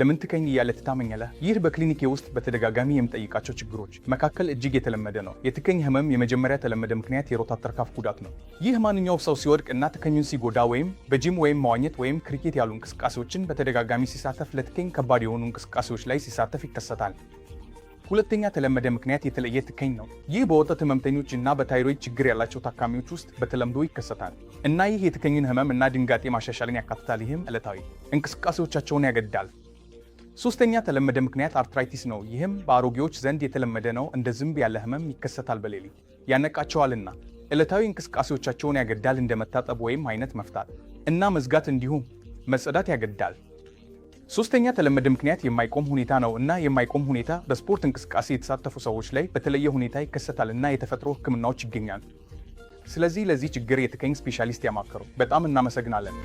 ለምን ትከኝ እያለ ትታመኛለህ? ይህ በክሊኒኬ ውስጥ በተደጋጋሚ የምጠይቃቸው ችግሮች መካከል እጅግ የተለመደ ነው። የትከኝ ህመም የመጀመሪያ ተለመደ ምክንያት የሮታተር ካፍ ጉዳት ነው። ይህ ማንኛውም ሰው ሲወድቅ እና ትከኙን ሲጎዳ ወይም በጂም ወይም መዋኘት ወይም ክሪኬት ያሉ እንቅስቃሴዎችን በተደጋጋሚ ሲሳተፍ ለትከኝ ከባድ የሆኑ እንቅስቃሴዎች ላይ ሲሳተፍ ይከሰታል። ሁለተኛ ተለመደ ምክንያት የተለየ ትከኝ ነው። ይህ በወተት ህመምተኞች እና በታይሮይድ ችግር ያላቸው ታካሚዎች ውስጥ በተለምዶ ይከሰታል እና ይህ የትከኝን ህመም እና ድንጋጤ ማሻሻልን ያካትታል። ይህም ዕለታዊ እንቅስቃሴዎቻቸውን ያገዳል ሶስተኛ ተለመደ ምክንያት አርትራይቲስ ነው። ይህም በአሮጌዎች ዘንድ የተለመደ ነው። እንደ ዝንብ ያለ ህመም ይከሰታል። በሌሊት ያነቃቸዋልና ዕለታዊ እንቅስቃሴዎቻቸውን ያገዳል። እንደ መታጠብ ወይም አይነት መፍታት እና መዝጋት እንዲሁም መጸዳት ያገዳል። ሶስተኛ ተለመደ ምክንያት የማይቆም ሁኔታ ነው እና የማይቆም ሁኔታ በስፖርት እንቅስቃሴ የተሳተፉ ሰዎች ላይ በተለየ ሁኔታ ይከሰታል እና የተፈጥሮ ህክምናዎች ይገኛሉ። ስለዚህ ለዚህ ችግር የትከኝ ስፔሻሊስት ያማከሩ። በጣም እናመሰግናለን።